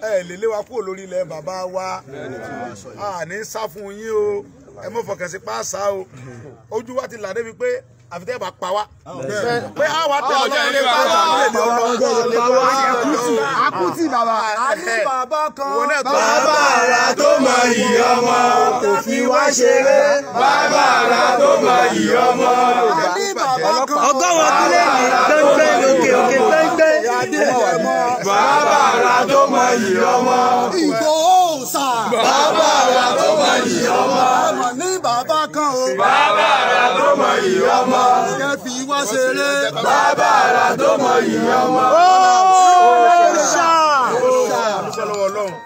ẹ lè lé wa kúrò lórí ilẹ̀ bàbá wa a ní sá fún yín o ẹ mọ̀ fọkàn sí pàṣà o ojú wa ti là débi pé àfitẹ́ pa wá. pé a wá tẹ ọjọ́ ilé pa wá ọjọ́ ilé pa wá akuti akuti bàbá. a ní bàbá kan bàbá ara tó mọ ìyá ọmọ kò fi wá ṣeré bàbá ara tó mọ ìyá ọmọ. a ní bàbá kan bàbá ara tó mọ ìyá ọmọ. ọgọ́wọ́ kílẹ̀ ní pẹ́ńpẹ́ lókè òkè pẹ́ńpẹ́ adé ẹ̀mọ. bàbá àrà tó mọ iyì ọmọ. Ìgbòho sà. bàbá àrà tó mọ iyì ọmọ. ọmọ ní bàbá kan o. bàbá tó mọ iyì ọmọ. ìyẹn fi wá ṣeré. bàbá tó mọ iyì ọmọ. ó ṣá.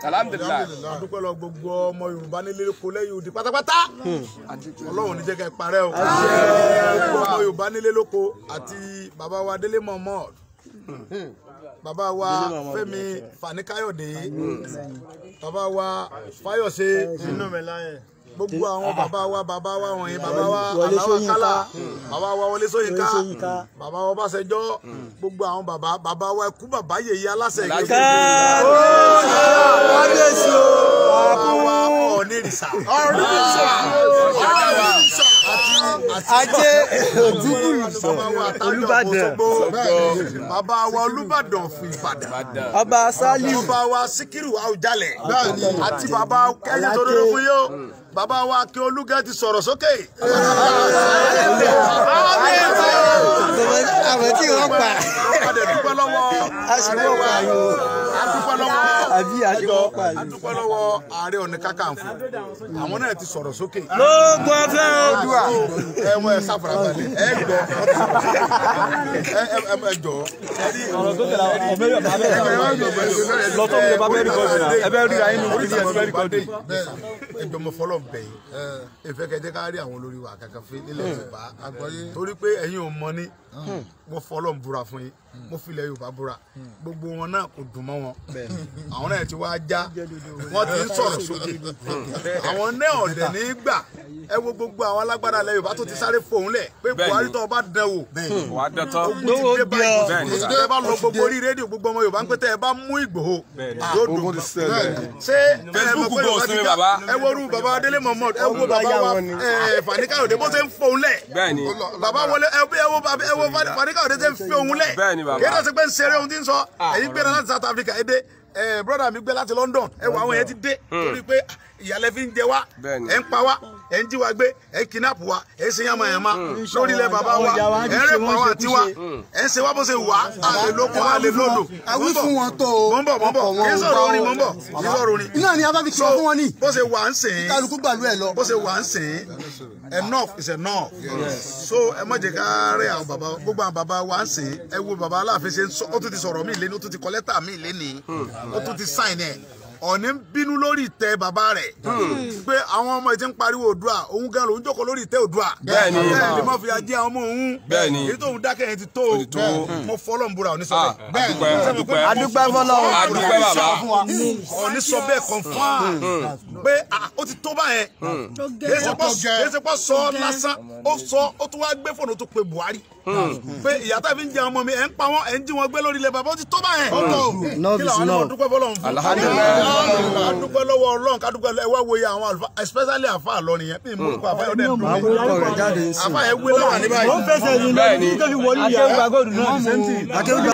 Alhamdulillah adúpẹ́ lọ gbogbo ọmọ Yorùbá nílé kó lẹ́yìn òdì pátápátá hmm. Ọlọ́run ní jẹ́ ká o gbogbo ọmọ nílé lóko àti bàbá Délé Momood bàbá wa Fẹ́mi Fanikayode bàbá wa Fayose gbogbo àwọn ah. bàbá wa bàbá wa wọ̀nyí bàbá wa aláwa kálá bàbá wa Wọlé Ṣóyínká bàbá wa Ọbásanjọ́ gbogbo àwọn bàbá bàbá wa ikú bàbá yèyí aláṣẹ ìgbésẹ̀. káàdì káàdì o bàbá wa Ọ̀nìrìṣà. Ọ̀nìrìṣà. Ọ̀nìrìṣà ajé òdúgbùlù sọ olùbàdàn bàbá wa olùbàdàn fún ìbàdàn ọba sálíù ọba wa síkírù àwùjalẹ̀ àti bàbá kẹyìn tó dúró fún yóò bàbá wa kí olúgẹ ti sọ̀rọ̀ sókè. àwọn tí wọ́n pa. a sì wọ́n pa a dúpẹ́ lọ́wọ́ àbí àjọ adúpẹ́ lọ́wọ́ ààrẹ ọ̀nà kakanfò àwọn náà ti sọ̀rọ̀ sókè. ló gbọ́ fẹ́ odua. ẹ wọ ẹ sáfara balẹ̀ ẹ gbọ́ ẹ jọ. ọ̀rọ̀ tó tẹ̀lé àwọn ọmọ ẹ̀rọ bàbá ẹ̀rọ lọ́tọ́ mi ẹ bẹ́ẹ̀ rí ayé ní orí ti ẹ̀sìn bẹ́ẹ̀ kọ́ọ̀dù. ẹgbẹ́ ọmọ fọlọ́ bẹ̀ yìí ìfẹ́ kẹjẹ́ ká rí àwọn olórí wa kankan fún ilé Yorùbá torí pé ẹ̀yin ò mọ ní mo fọlọ́ búra fún yín mo filẹ̀ Yorùbá búra hmm. gbogbo wọn náà kò dùn mọ́ wọn àwọn náà ti wá já wọ́n ti ń sọ̀rọ̀ sókè àwọn náà ọ̀dẹ̀ ní gbà ẹ wo gbogbo àwọn alágbára ilẹ̀ Yorùbá tó ti sáré fòun lẹ̀ pé Buhari tó bá dán wò ogun ti dé báyìí ogun ti dé bá lọ gbogbo orí rédíò gbogbo ọmọ Yorùbá ń pété ẹ bá mú Ìgbòho yóò dùn ṣé Facebook gbọ́ sí mi bàbá ẹ wo orú bàbá Délé Mohammed ẹ wo bàbá wa Fani Káyọ̀dé bó ṣe ń fòun lẹ̀ bàbá wọlé ẹ wo Fani Káyọ̀dé ṣe ń fi òun lẹ̀ kí ẹ náà ṣe pé ń ṣeré ohun tí ń sọ ah. ẹ̀yin gbéra láti South Africa ẹ dé Eh, brother, broda mi gbé láti London ẹ wọ àwọn yẹn ti dé hmm. Hmm. torí pé ah, ìyàlẹ́ fi ń jẹ wá ẹ ń pa wá ẹ ń jí wa gbé ẹ ń kidnap wa ẹ ń ṣe yàmà hmm. lórí ilẹ̀ bàbá wa ẹ ń rẹ̀pọ̀ wa àti wa ẹ ń ṣe wá bó ṣe wà á lóko á lè lódò. àwọn kí sọ̀rọ̀ orin mọ̀ kí sọ̀rọ̀ orin. iná bó ṣe wà ń sìn. bó ṣe wà ń sìn enough is enough yes. so ẹ má jẹ́ ká rẹ àwọn baba gbogbo baba wa ń sè wo baba aláàfin ṣe ó tún ti sọ̀rọ̀ mí lẹ́ni ó tún ti kọ lẹ́tà mí lẹ́ni ó tún ti sign ẹ̀ ọ̀ní ń bínú lórí ìtẹ́ bàbá rẹ̀ hmm. pé àwọn ọmọ ìtí ń pariwo òdua òun gan lòún jókòó lórí ìtẹ́ òdua bẹ́ẹ̀ni bẹ́ẹ̀ni mo fi ajé àwọn ọmọ òun bẹ́ẹ̀ni èyí tóun dákẹ́ yẹn ti tó mo fọlọ́ ń búra òní sọ bẹ́ẹ̀ ah, bẹ́ẹ̀ni adúpẹ́ fọlọ́ adúpẹ́ bàbá òní hmm. sọ bẹ́ẹ̀ confam hmm. pé ó ti tó báyẹn kì í ṣe pọ́ sọ lásán ó sọ Hmm. pé ìyá tá ń jẹ ọmọ mi ẹ̀ ń pa wọn ẹ̀ ń jí wọn gbé lórí ilẹ̀ bàbá ó ti tó báyẹn. Hmm. kí làwọn ọmọ dúpẹ́ fọlọ́run fún. alhamdulilayi adúpẹ́ lọ́wọ́ ọlọ́run kádúpẹ́ ẹ wá wo iye àwọn àlùfáà especially àfa àlọ́ nìyẹn bí mo kọ àfa yọ̀dẹ̀ dùn mí. àfa yẹn wé láwà ní wọ́n fẹsẹ̀ yìí lọ́wọ́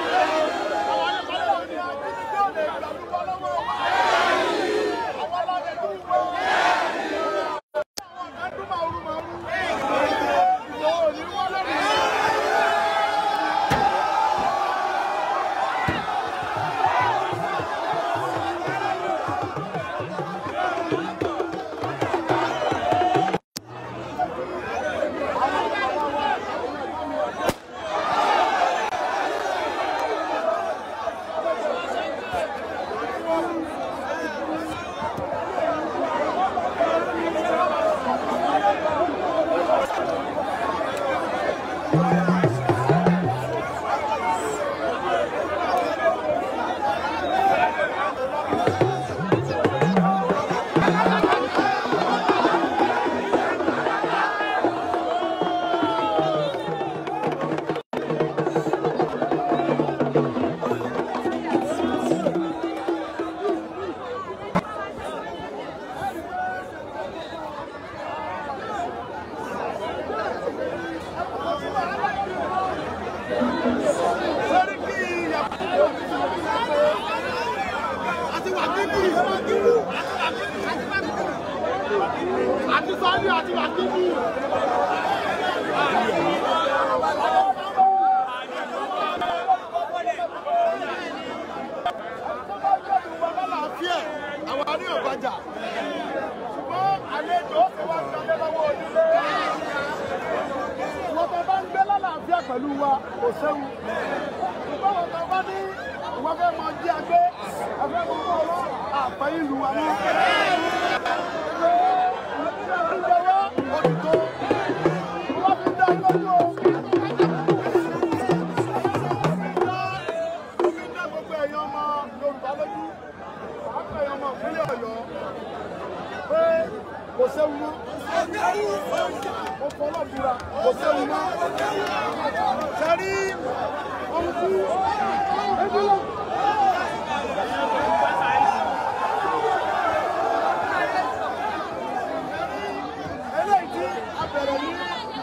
ọba ní òbájà ṣùgbọ́n àlejò ó ti wá sọlé lọ́wọ́ onílé wọn tó bá ń gbé lálàáfíà pẹ̀lú wa kò séwu ṣùgbọ́n wọn tó bá ní wọn mọ jí agbé ẹ̀fẹ́ mọ bọ́ọ̀lù àpẹ́ ìlú wa náà. kò séwu mọ́ mo fọlọ́ búra kò séwu mọ́ sẹ́rí ọmọ tí ẹgbẹ́ lọ.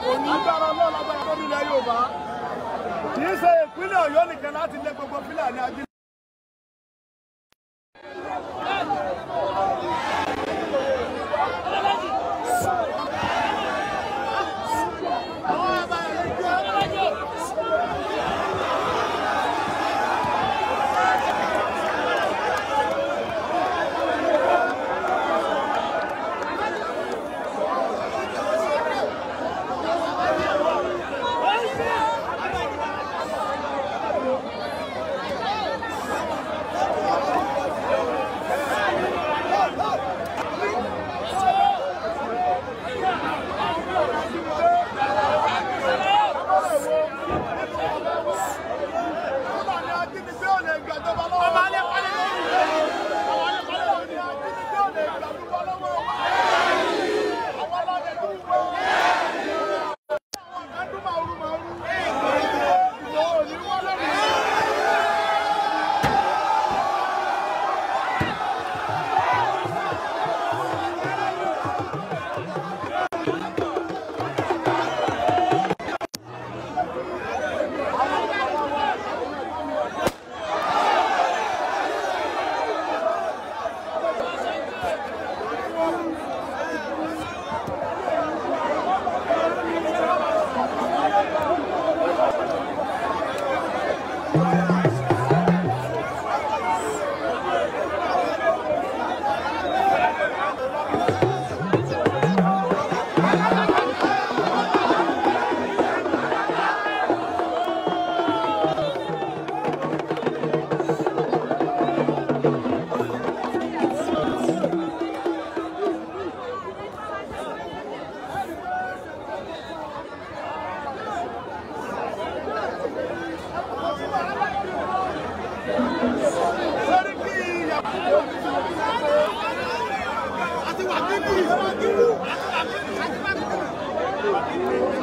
onígbàrá lọ́la bá ẹ̀kọ́ nílẹ̀ Yorùbá kì í ṣe ìpínlẹ̀ Ọ̀yọ́ nìkan láti lé gbogbo fílàní ajínigbé.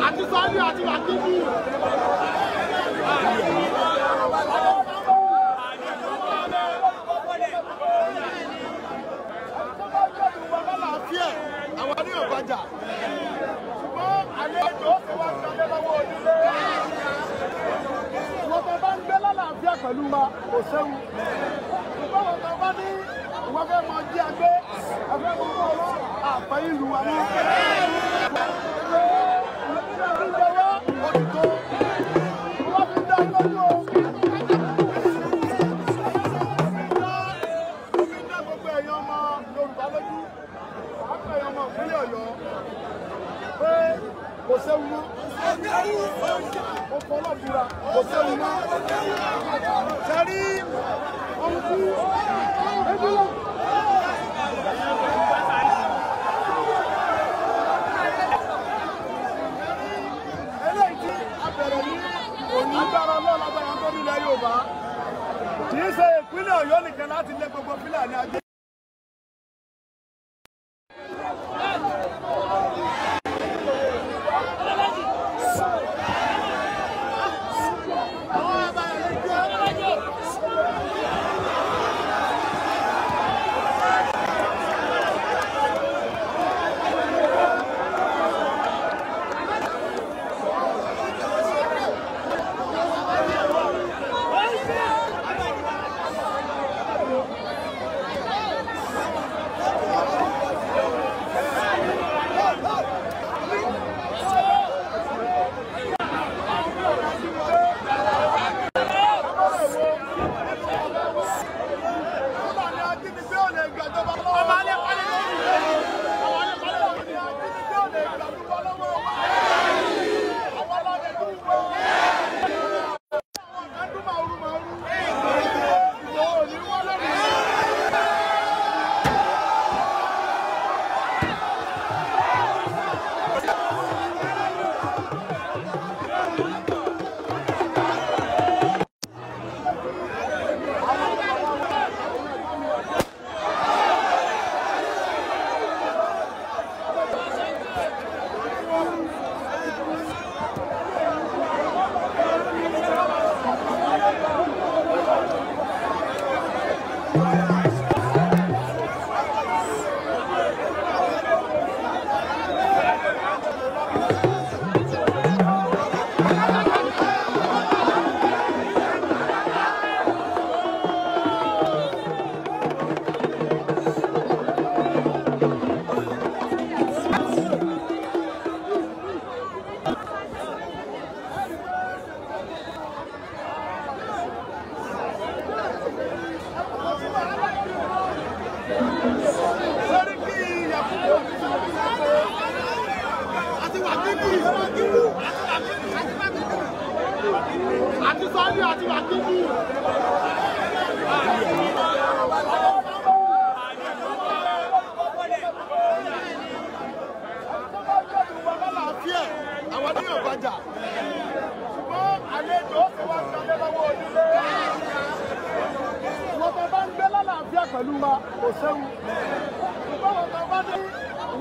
àti sọ́ọ́lì àti làkìkù. àwọn ní òbájà ṣùgbọ́n àlejò ó fi wá sáré lọ́wọ́ onílé wọn tó bá ń gbé lálàáfíà pẹ̀lú wa kò séwu ṣùgbọ́n wọn tó bá ní ìwọ́fẹ́ mọ jí agbé ẹgbẹ́ gbogbo ọlọ́ àpẹ́ ìlú wa ní. d u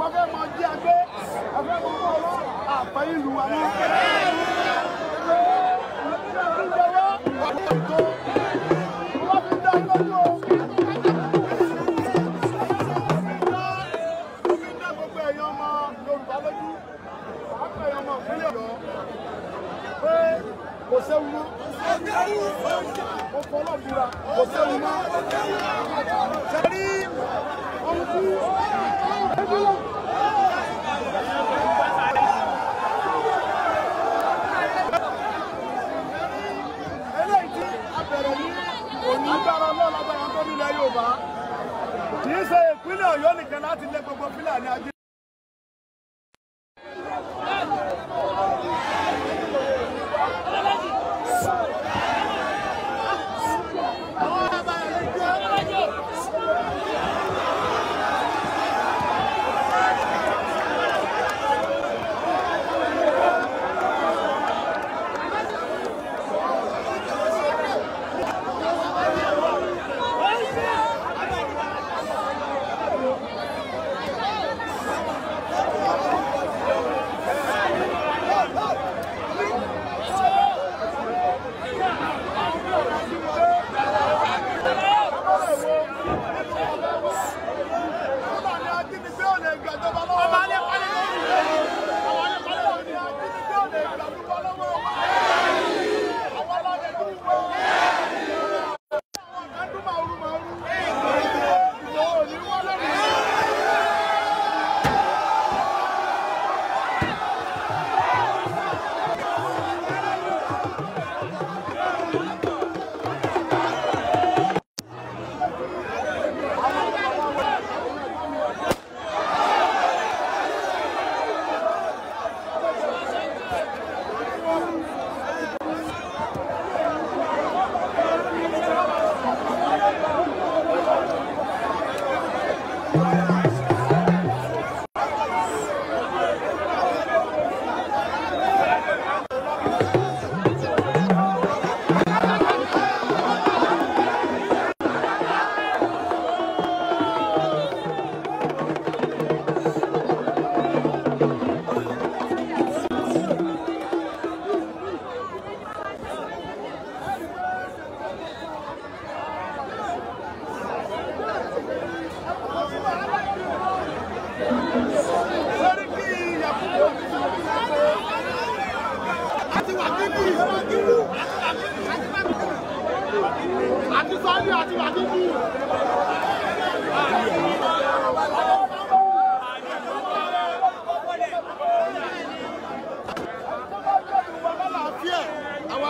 wọ́n fẹ́ mọ jí agbé ẹ̀fẹ́ mọ mọ ọwọ́ àpẹ́ ìlú wa náà. kò séwu mọ́ mo fọlọ́ búra kò séwu mọ́ sẹ́rí ọ̀hún fún ẹgbẹ́ náà. kì í ṣe ìpínlẹ̀ ọ̀yọ́ nìkan láti lé gbogbo fúlàní ajé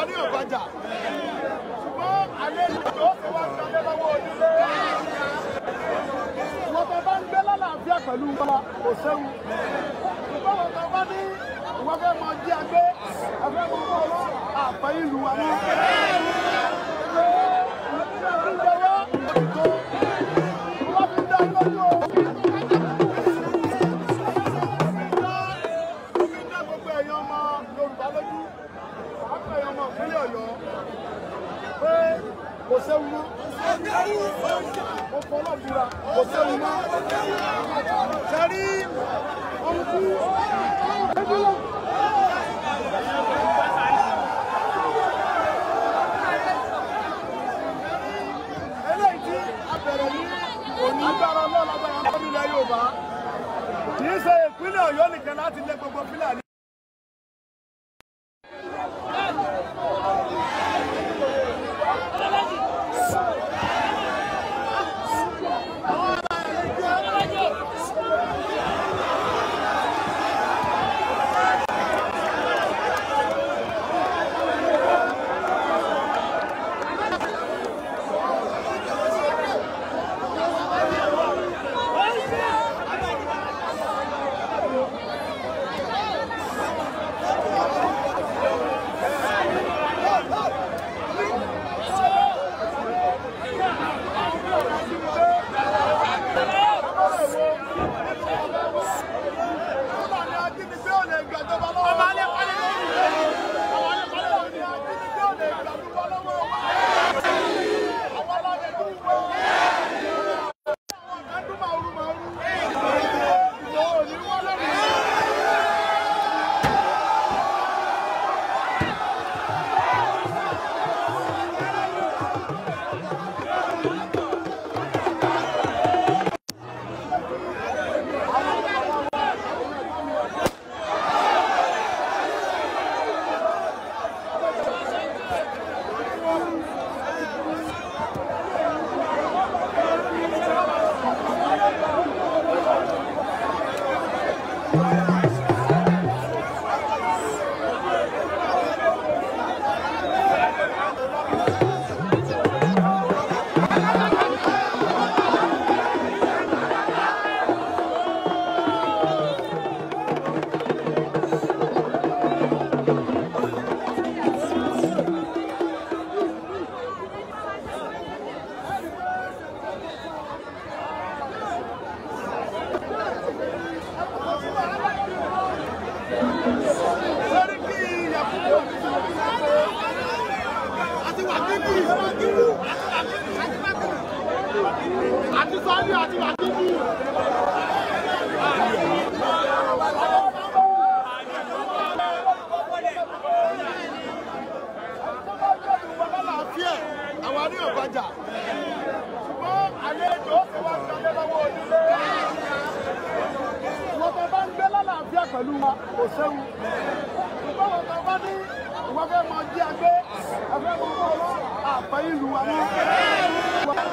buhari ò bàjá ṣùgbọ́n àlejò tó ṣe wá sáré lọ́wọ́ onílé wọ́n tó bá ń gbé lálàáfíà pẹ̀lú wa kò séwu ṣùgbọ́n wọ́n tó bá ní wọ́n fẹ́ mọ jí agbé ẹ̀fẹ́ mọ́ ọlọ́ àpẹ́ ìlú wa náà. kò séwu mọ́ mo fọlọ́ búra kò séwu mọ́ sẹ́rí ọ̀hún kú ẹgbẹ́ lọ. eléyìí Ọ̀yọ́ nìkan láti lé gbogbo Fúlàní. àti sọ́ọ́lì àti àtìkù. àwa ní ọ̀bàjà ṣùgbọ́n àlejò ó fi wá gbàgbé lọ́wọ́ onílé. bá ní ìwọ́fẹ́ mọ jí agbé ẹ̀fẹ́ mọ ọlọ́run. Papai Luana.